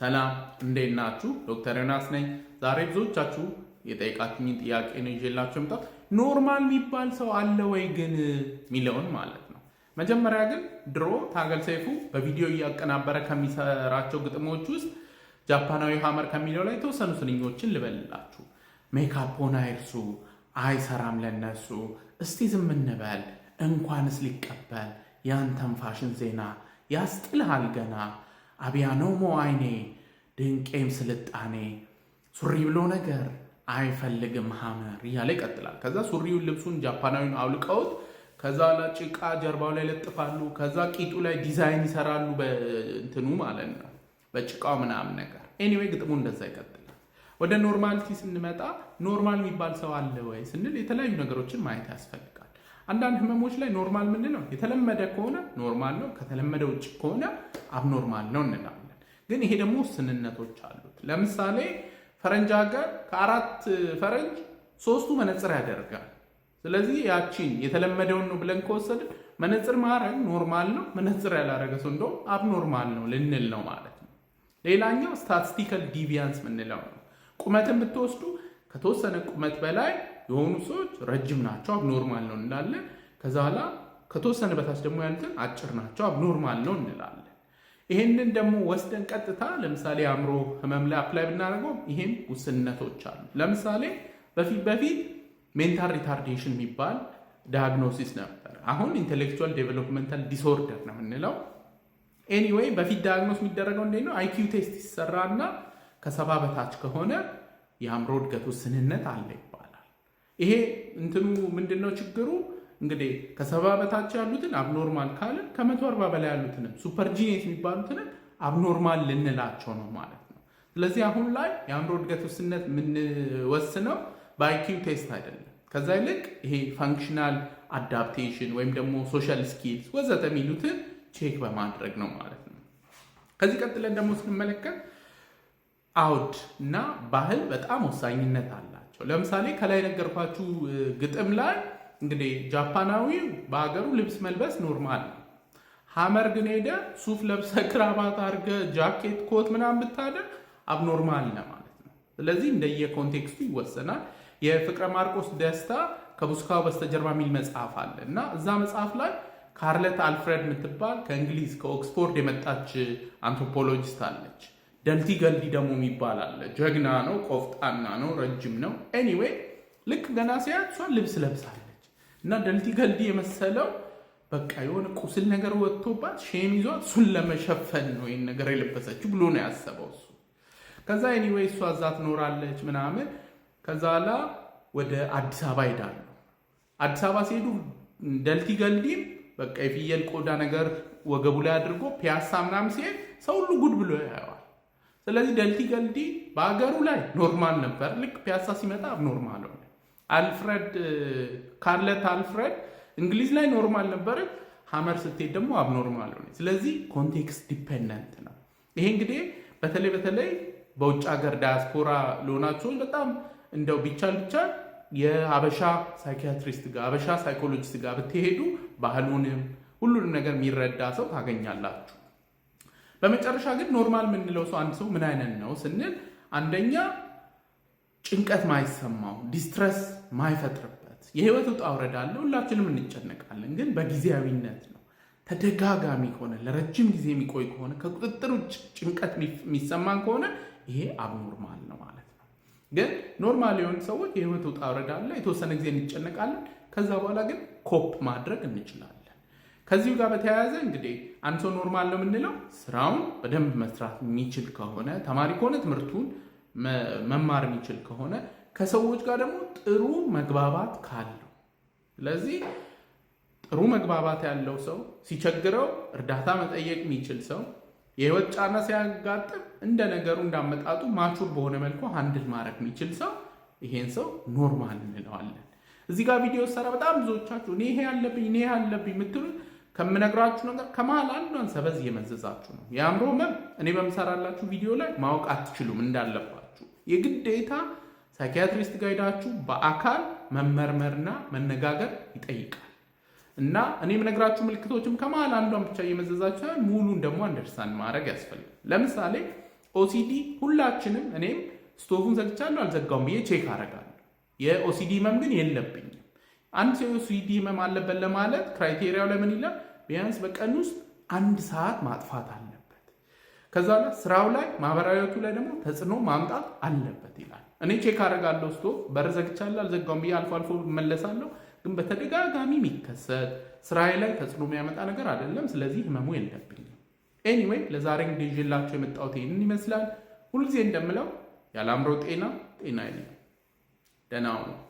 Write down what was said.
ሰላም እንዴት ናችሁ? ዶክተር ዮናስ ነኝ። ዛሬ ብዙዎቻችሁ የጠየቃችሁኝን ጥያቄ ነው ይዤላችሁ መጣት ኖርማል የሚባል ሰው አለ ወይ ግን የሚለውን ማለት ነው። መጀመሪያ ግን ድሮ ታገል ሰይፉ በቪዲዮ እያቀናበረ ከሚሰራቸው ግጥሞች ውስጥ ጃፓናዊ ሀመር ከሚለው ላይ የተወሰኑ ስንኞችን ልበልላችሁ። ሜካፖን አይርሱ፣ አይሰራም ለነሱ እስቲ ዝም እንበል እንኳንስ ሊቀበል ያንተን ፋሽን ዜና ያስጥልሃል ገና አብያኖሞ አይኔ ድንቄም ስልጣኔ ሱሪ ብሎ ነገር አይፈልግም ሀመር እያለ ይቀጥላል። ከዛ ሱሪውን ልብሱን ጃፓናዊን አውልቀውት ከዛ ጭቃ ጀርባው ላይ ለጥፋሉ። ከዛ ቂጡ ላይ ዲዛይን ይሰራሉ በእንትኑ ማለት ነው በጭቃው ምናምን ነገር። ኤኒዌይ ግጥሙ እንደዛ ይቀጥላል። ወደ ኖርማሊቲ ስንመጣ ኖርማል የሚባል ሰው አለ ወይ ስንል የተለያዩ ነገሮችን ማየት ያስፈልጋል። አንዳንድ ህመሞች ላይ ኖርማል ምንለው የተለመደ ከሆነ ኖርማል ነው፣ ከተለመደ ውጭ ከሆነ አብኖርማል ነው እንላለን። ግን ይሄ ደግሞ ስንነቶች አሉት። ለምሳሌ ፈረንጅ ሀገር ከአራት ፈረንጅ ሶስቱ መነጽር ያደርጋል። ስለዚህ ያቺን የተለመደውን ነው ብለን ከወሰድን መነጽር ማድረግ ኖርማል ነው፣ መነጽር ያላረገ ሰው እንደውም አብኖርማል ነው ልንል ነው ማለት ነው። ሌላኛው ስታቲስቲካል ዲቪያንስ ምንለው ነው። ቁመትን ብትወስዱ ከተወሰነ ቁመት በላይ የሆኑ ሰዎች ረጅም ናቸው አብኖርማል ነው እንላለን። ከዛ ኋላ ከተወሰነ በታች ደግሞ ያሉትን አጭር ናቸው አብኖርማል ነው እንላለን። ይህንን ደግሞ ወስደን ቀጥታ ለምሳሌ አእምሮ ህመም ላይ አፕላይ ብናደርገው ይሄም ውስንነቶች አሉ። ለምሳሌ በፊት በፊት ሜንታል ሪታርዴሽን የሚባል ዳያግኖሲስ ነበር። አሁን ኢንቴሌክቹዋል ዴቨሎፕመንታል ዲስኦርደር ነው የምንለው። ኤኒዌይ በፊት ዳያግኖስ የሚደረገው እንዴት ነው? አይኪዩ ቴስት ይሰራና ከሰባ በታች ከሆነ የአእምሮ እድገት ውስንነት አለኝ ይሄ እንትኑ ምንድን ነው ችግሩ? እንግዲህ ከሰባ በታች ያሉትን አብኖርማል ካለ ከመቶ አርባ በላይ ያሉትንም ጂኔት የሚባሉትንም አብኖርማል ልንላቸው ነው ማለት ነው። ስለዚህ አሁን ላይ የአእምሮ እድገት ውስንነት የምንወስነው በአይኪው ቴስት አይደለም። ከዛ ይልቅ ይሄ ፋንክሽናል አዳፕቴሽን ወይም ደግሞ ሶሻል ስኪልስ ወዘተ የሚሉትን ቼክ በማድረግ ነው ማለት ነው። ከዚህ ቀጥለን ደግሞ ስንመለከት አውድ እና ባህል በጣም ወሳኝነት አላቸው። ለምሳሌ ከላይ ነገርኳችሁ ግጥም ላይ እንግዲህ ጃፓናዊው በሀገሩ ልብስ መልበስ ኖርማል ነው። ሀመር ግን ሄደ ሱፍ ለብሰ ክራባት አርገ ጃኬት ኮት ምናምን ብታደር አብኖርማል ነው ማለት ነው። ስለዚህ እንደየ ኮንቴክስቱ ይወሰናል። የፍቅረ ማርቆስ ደስታ ከቡስካው በስተጀርባ የሚል መጽሐፍ አለ እና እዛ መጽሐፍ ላይ ካርለት አልፍሬድ የምትባል ከእንግሊዝ ከኦክስፎርድ የመጣች አንትሮፖሎጂስት አለች። ደልቲ ገልዲ ደግሞ ይባላል። ጀግና ነው፣ ቆፍጣና ነው፣ ረጅም ነው። ኤኒዌይ ልክ ገና ሲያት እሷ ልብስ ለብሳለች እና ደልቲ ገልዲ የመሰለው በቃ የሆነ ቁስል ነገር ወጥቶባት ሼም ይዟት እሱን ለመሸፈን ነው ይህን ነገር የለበሰችው ብሎ ነው ያሰበው እሱ። ከዛ ኤኒዌይ እሷ እዛ ትኖራለች ምናምን። ከዛ ላ ወደ አዲስ አበባ ይሄዳሉ። አዲስ አበባ ሲሄዱ ደልቲ ገልዲም በቃ የፍየል ቆዳ ነገር ወገቡ ላይ አድርጎ ፒያሳ ምናምን ሲሄድ ሰው ሁሉ ጉድ ብሎ ያየዋል። ስለዚህ ደልቲ ገልዲ በሀገሩ ላይ ኖርማል ነበር። ልክ ፒያሳ ሲመጣ አብኖርማል ሆነ። አልፍሬድ ካርለት አልፍሬድ እንግሊዝ ላይ ኖርማል ነበር ሀመር ስትሄድ ደግሞ አብኖርማል ሆነ። ስለዚህ ኮንቴክስት ዲፔንደንት ነው። ይሄ እንግዲህ በተለይ በተለይ በውጭ ሀገር ዳያስፖራ ለሆናችሁ በጣም እንደው ቢቻል ቢቻል የአበሻ ሳይኪያትሪስት ጋር አበሻ ሳይኮሎጂስት ጋር ብትሄዱ ባህሉንም ሁሉንም ነገር የሚረዳ ሰው ታገኛላችሁ። በመጨረሻ ግን ኖርማል የምንለው ሰው አንድ ሰው ምን አይነት ነው ስንል አንደኛ ጭንቀት ማይሰማው፣ ዲስትረስ ማይፈጥርበት። የህይወት ውጣ ውረድ አለ፣ ሁላችንም እንጨነቃለን። ግን በጊዜያዊነት ነው። ተደጋጋሚ ከሆነ ለረጅም ጊዜ የሚቆይ ከሆነ ከቁጥጥር ውጭ ጭንቀት የሚሰማን ከሆነ ይሄ አብኖርማል ነው ማለት ነው። ግን ኖርማል የሆኑ ሰዎች የህይወት ውጣ ውረድ አለ፣ የተወሰነ ጊዜ እንጨነቃለን። ከዛ በኋላ ግን ኮፕ ማድረግ እንችላለን። ከዚሁ ጋር በተያያዘ እንግዲህ አንድ ሰው ኖርማል ነው የምንለው ስራውን በደንብ መስራት የሚችል ከሆነ፣ ተማሪ ከሆነ ትምህርቱን መማር የሚችል ከሆነ፣ ከሰዎች ጋር ደግሞ ጥሩ መግባባት ካለው። ስለዚህ ጥሩ መግባባት ያለው ሰው ሲቸግረው እርዳታ መጠየቅ የሚችል ሰው የህይወት ጫና ሲያጋጥም እንደ ነገሩ እንዳመጣጡ ማቹር በሆነ መልኩ ሀንድል ማድረግ የሚችል ሰው ይሄን ሰው ኖርማል እንለዋለን። እዚህ ጋር ቪዲዮ ሰራ በጣም ብዙዎቻችሁ እኔ ይሄ ያለብኝ እኔ ያለብኝ የምትሉት ከምነግራችሁ ነገር ከመሀል አንዷን ሰበዝ እየመዘዛችሁ ነው። የአእምሮ ህመም እኔ በምሰራላችሁ ቪዲዮ ላይ ማወቅ አትችሉም እንዳለባችሁ የግዴታ ሳይኪያትሪስት ጋር ሄዳችሁ በአካል መመርመርና መነጋገር ይጠይቃል። እና እኔ የምነግራችሁ ምልክቶችም ከመሀል አንዷን ብቻ እየመዘዛችሁ ሙሉን ደግሞ አንደርሳን ማድረግ ያስፈልጋል። ለምሳሌ ኦሲዲ ሁላችንም እኔም ስቶቭን ዘግቻለሁ አልዘጋውም ብዬ ቼክ አረጋለሁ። የኦሲዲ ህመም ግን የለብኝም። አንድ ሰው ሲዲ ህመም አለበት ለማለት ክራይቴሪያው ለምን ይላል? ቢያንስ በቀን ውስጥ አንድ ሰዓት ማጥፋት አለበት። ከዛ ስራው ላይ ማህበራዊቱ ላይ ደግሞ ተጽዕኖ ማምጣት አለበት ይላል። እኔ ቼክ አደርጋለሁ። ስቶ በር ዘግቻለሁ አልዘጋውም ብዬ አልፎ አልፎ መለሳለሁ። ግን በተደጋጋሚ የሚከሰት ስራዬ ላይ ተጽዕኖ የሚያመጣ ነገር አይደለም። ስለዚህ ህመሙ የለብኝም። ኤኒዌይ ለዛሬ እንግዲህ ይዤላችሁ የመጣሁት ይህንን ይመስላል። ሁልጊዜ እንደምለው ያለ አእምሮ ጤና ጤና የለም። ደህና ነው።